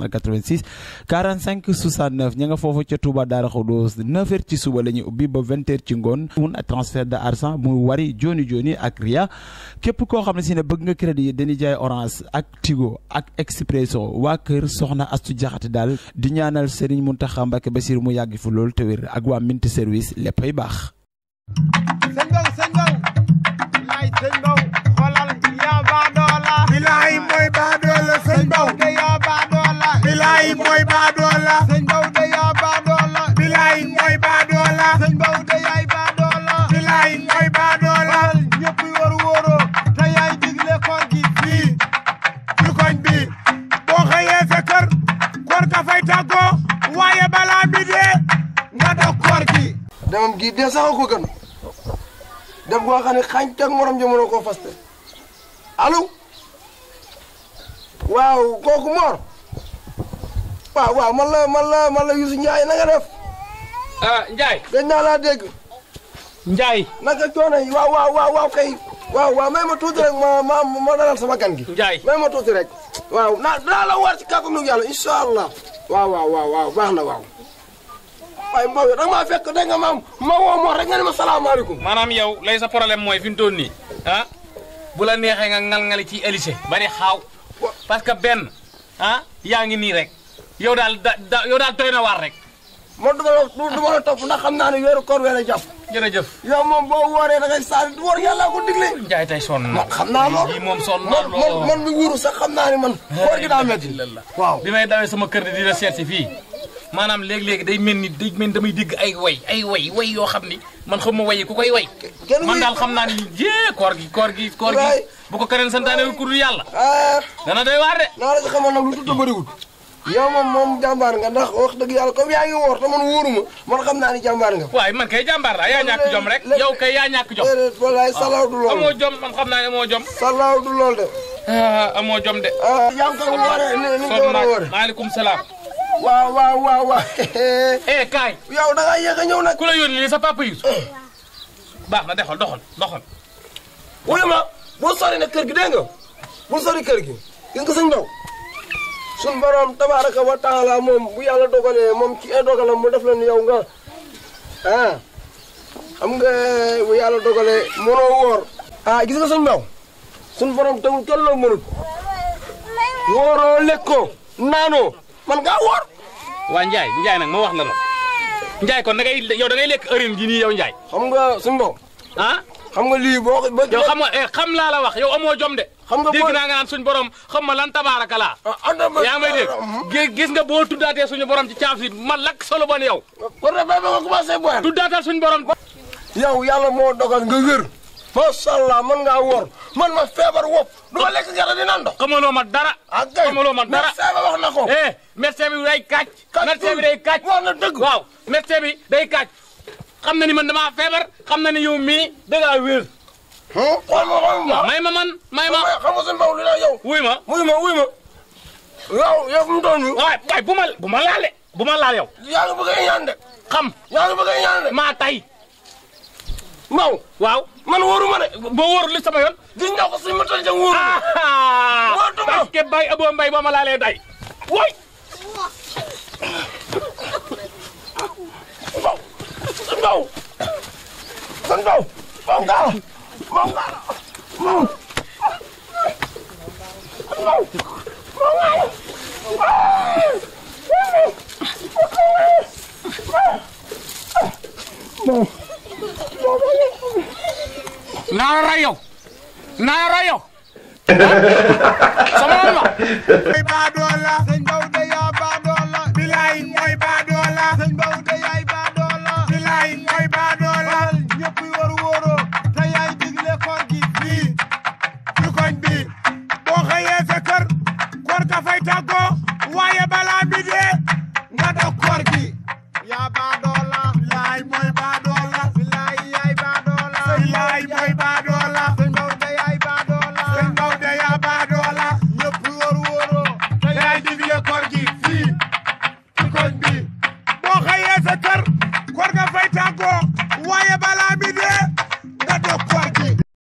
386 45 69 ña nga foofu ca Touba Daara Khoudous 9h ci suba la ñuy ubbi ba 20 ci ngoon mun transfert de argent muy wari joni joni ak ria képp koo xam ne si ne bëgg nga crédit dañuy jaay orange ak tigo ak expresso waa kër soxna astu jaxate daal di ñaanal Serigne Mountakha Mbacké Bassirou mu yàgg fi loolu te wér ak waa Mint service léppay baax sëñ baax ak koor gi. demam gii dee sax ko gën dem goo xam ne xañ morom ji mënoo faste allo waaw kooku Mor waaw waaw man la man la man la Youssou Ndiaye na nga def. ah Ndiaye. laa dégg. Ndiaye. naka coono yi waaw waaw waaw waaw kay. waaw waaw may ma tuuti ma ma ma dalal sama gan gi. Ndiaye may ma tuuti rek. waaw naa daa war ci kàttanu allah. waaw waaw waaw waaw. waaye Mbow yow da nga maa fekk dégg nga maam ma woo ma wax rek nga ne ma salaamaaleykum. maanaam yow lay sa problème mooy fi mu toll nii ah bu la neexee nga ngal-ngali ci élise ba ne xaaw parce que benn ah yaa ngi nii rek yow daal da yow daal doy na waar rek. man du ma la du topp ndax xam naa ne weeru koor weer a jàpp. jërëjëf yow moom boo wooree da ngay saa di woor yàlla ko digle. Ndiaye tey sonn na xam naa lool moom sonn na lool man man mi wuuru sax xam naa ne man. woor gi daa métti waaw bi may dawee sama kër di la seet fii. maanaam léeg-léeg day mel ni day mel damay dégg ay way ay way way yoo xam ni man xam ma wayi ku koy way man daal xam naa ni jee koor gi koor gi ko keneen santaane ku dul yàlla ah. dana doy waar de naa la si xamal nag lu tudd bëriwul yow moom moom jàmbaar nga ndax wax dëgg yàlla comme yaa ngi woor te man xam naa ni jàmbaar nga waaye man kay jàmbaar la yaa ñàkk jom rek yow kay yaa ñàkk jom wallaay salaaw du lool amoo jom man xam naa ne moo jom salaaw du lool de ah, amoo jom de ah, yaa a woore maaleykum salaam waaw waaw waaw waaw. eh kaay. yow da ngaa yéex a ñëw nag. ku la yónni sa papa Youssou. baax na doxal doxal doxal. wuyu ma bul sori na kër gi dégg nga bu sori kër gi gis nga sëñ Ndaw. suñu borom tabaaraka wa taala moom bu yàlla dogalee moom ci dogalam mu def la ni nga ah xam nga bu yàlla dogalee mënoo woor. ah gis nga sëñ Ndaw suñu borom tegul kenn loo mënut. wooroo lekkoo naanoo. man ngaa woor. waa Ndiaye Ndiaye nag ma wax la nag Ndiaye kon da ngay yow da ngay lekk urine gi nii yow Ndiaye. xam nga suñu a ah xam nga lii boo ba yow xam nga eh, xam laa la wax yow amoo jom de. xam nga boo naa nga naan suñu borom xam ma lan tabaaraka laa. Ah, yaa ngi may dégg nga boo tuddaatee suñu borom ci caaf si ma lakk solo ban yow. kon nag ba ma commencé boole. suñu borom. yow yàlla moo dogal nga wér. macha allah mën ngaa wor man ma feebar wopp du ma lekk gerte di naan dox. xamaloo ma dara. ak ah, kay xamaloo ma dara médecin bi wax na ko. eh médecin bi day kàcc. kàcc médecin bi day kàcc. wax na dëgg waaw médecin bi day kàcc. xam na ni man damaa feebar xam na ni yow mii da ngaa wér. Hmm? xool ma xool ma may ma man may ma xam nga ma wuy ma wuy ma. waaw yow mu doon ñu. waay waay bu ma bu laal yow. yaa ngi bëgg de. xam yaa ngi bëgg de. maa tay. maw waaw man wóoru ma de boo wóoru li sama yoon gis nga ko ma tëj jang wóoru ah! wóoru ma parce que bay abo mbay day woy mbaw san mbaw san mbaw mbaw ngaala naa la rey yow naa la rey yow sama